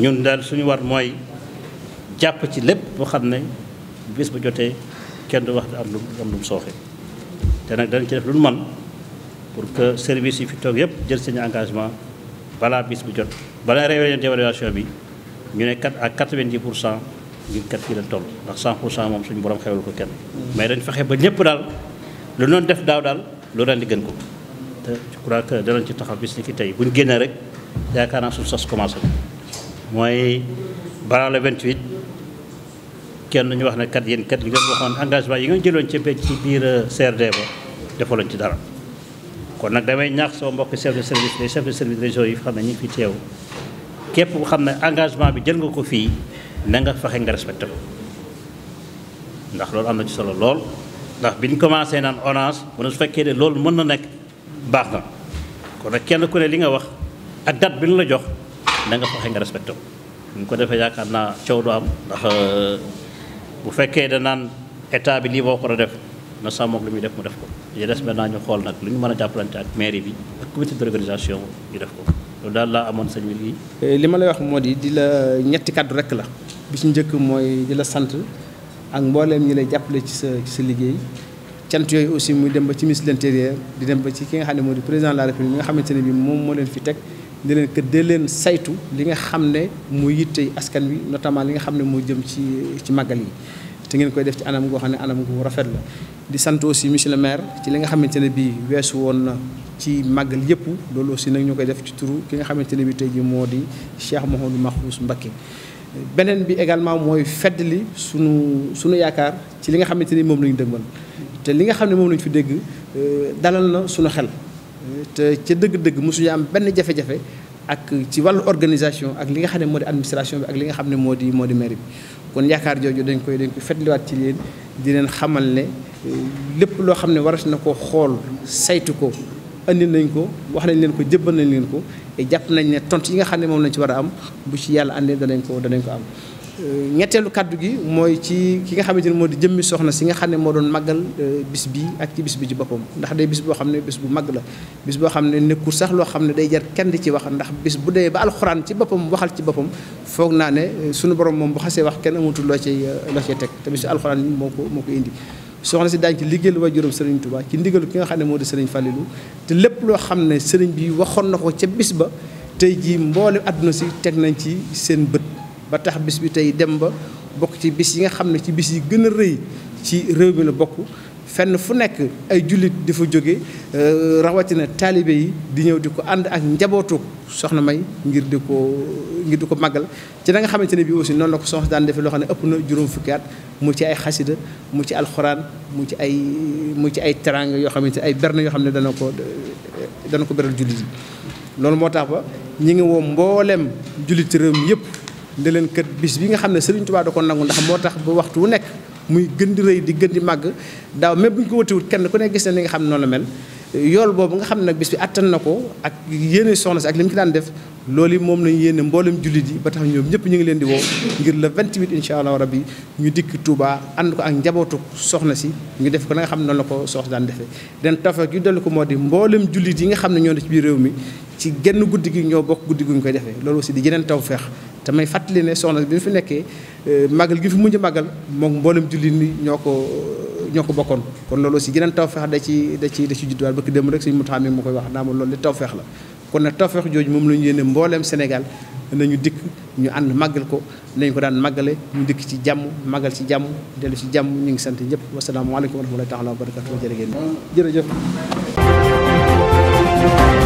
ñun daal suñu war mooy jàpp ci lépp boo xam ne bis bu jotee kenn du wax am lu am lu mu sooxe te nag danañ ci def lu mu man pour que service yi fi toog yëpp jël seen engagement balaa bis bu jot balaa réunion d'évaluation bi ñu ne kat ak quatre pour cent ngir kat kii la toll ndax cent pour cent moom suñu borom xewlu ko kenn mais dañ fexe ba ñëpp daal lu noonu def daaw daal lu ren di gën ko te je crois que danañ ci taxaw bis ni ki tey bu ñu génnee rek yaakaar naa suñu sos commencé mooy balaa le 28 kenn ñu wax ne kat yéen kat li ngeen waxoon engagement yi ngeen jëloon ci ci biir euh, CRD ba defaloon ci dara kon nag damay ñaax sama mbokk chef de service les chefs de service région yi xam ne ñu ngi fi teew képp ku xam ne engagement bi jël nga ko fii na nga fexe nga respecté ko ndax loolu am na ci solo lool ndax biñ commencé naan orange mu ne su fekkee ne loolu mën na nekk baax na kon nag kenn ku ne li nga wax ak date bi ñu la jox da nga fexe nga respecté ko ñu ko defee yaakaar naa coow du am ndax euh, bu fekkee da naan état bi lii boo ko war a def na sàmm ak lu muy def mu def ko yi des ñu xool nag lu ñu mën a jàppalante ak bi ak comité d'organisation def ko loolu daal laa amoon sëñ bi euh, li ma lay wax moo di di la ñetti kàddu rek la bi ci njëkk mooy di la sant ak mbooleem ñi lay jàppale ci sa ci sa liggéey cant yooyu aussi muy dem ba ci ministre de l'intérieur di dem ba ci ki nga xam ne moo di président de république mi nga xamante ne bi moom moo leen fi teg ne leen que dee leen saytu li nga xam ne muy yitte askan wi notamment li nga xam ne moo jëm ci ci màggal yi te ngeen koy def ci anam goo xam ne anam gu rafet la di sant aussi monsieur maire ci li nga xamante ne bii weesu woon na ci màggal yëpp loolu aussi nag ñu koy def ci turu ki nga xamante ne bii tey jii moo di Cheikh Mouhamadou Makhous Mbacké beneen bi également mooy fedd feddali sunu sunu yaakaar ci li nga xamante ni moom la ñu dëgmal te li nga xam ne moom la ñu fi dégg euh, dalal na sunu xel te ca dëgg-dëgg mosuñu am benn jafe-jafe ak ci wàllu organisation ak li nga xam ne moo di administration bi ak li nga xam ne moo di moo di mairie bi kon yaakaar jooju dañ koy dañ koy fetliwaat ci leen di leen xamal ne eh, lépp loo xam ne waras na ko xool saytu ko andi nañ ko wax nañ leen ko jëbbal nañ leen ko te jàpp nañ ne tont yi nga xam ne moom lañ ci war a am bu ci yàlla àndee danañ ko danañ ko am ñetteelu kàddu gi mooy ci ki nga xamante ne moo di jëmmi soxna si nga xam ne moo doon màggal euh, bis bi ak ci bi ci boppam ndax day bis boo xam ne bis bu màgg la bis boo xam ne nekkul sax loo xam ne day jar kenn di ci wax ndax bis bu dee ba alxuraan ci boppam waxal ci boppam foog naa ne euh, suñu borom moom bu xasee wax kenn amatul loo cay euh, loo cay teg te bisu alxuraan moo ko moo ko indi soxna si daañu ci liggéeyal waajuram Serigne Touba ci ndigalu ki nga xam ne moo di Serigne Fallilou te lépp loo xam ne Serigne bi waxoon na ko ca bis ba tey jii mboole adduna si teg nañ ci seen bët ba tax bis bi tey dem ba bokk ci bis yi nga xam ne ci bis yi gën a rëy ci réew mi la bokk fenn fu nekk ay jullit di fa jóge euh, rawatina taalibe yi di ñëw di ko ànd ak njabootu soxna May ngir di ko ngir di ko maggal ci na nga xamante ne bii aussi noonu la ko soxna daan defee loo xam ne ëpp na juróom fukki at mu ci ay xasida mu ci alxuraan mu ci ay mu ci ay teranga yoo xamante ay berna yoo xam ne dana ko dana ko beral jullit yi. loolu moo tax ba ñi ngi woo mboolem jullit réew yëpp. ne leen kat bis bi nga xam ne Serigne Touba da ko nangu ndax moo tax ba waxtu wu nekk muy gën di rëy di gën di màgg daaw même bu ñu ko watiwut kenn ku ne gis na nga xam ne noonu la mel. yool nga xam ne nag bis bi na ko ak yéene soxna si ak daan def loolu moom lañ yéene mboolem jullit yi ba tax ñoom ñëpp ñu ngi leen di woo ngir le 28 incha allah rabbi ànd ko ak njabootu soxna si ñu def ko na xam ne noonu la ko soxna daan defee. den tafak yu dellu ko moo di mboolem jullit yi nga xam ne ñoo ne ci biir réew mi ci genn guddi gi ñoo bokk guddi gu ñu koy defee loolu aussi di yeneen tawfeex te may fàttali ne soxna bi mu fi nekkee euh, màggal gi fi mujj màggal moom mboolem jullit ni ñoo ko ñoo ko bokkoon kon loolu aussi geneen tawfeex da ci da ci da ci judduwaal bëgg dem rek suñu motaxam mi ma koy wax naa ma loolu li tawfeex la kon nag tawfeex jooju moom lañu ñu yéene mbooleem Sénégal nañu dikk ñu ànd màggal ko nañu ko daan màggale ñu dikk ci jàmm màggal ci jàmm dellu ci jàmm ñu ngi sant ñëpp wasalaamaaleykum wa rahmatullahi taala wa barakatu jërëgéen jërëjëf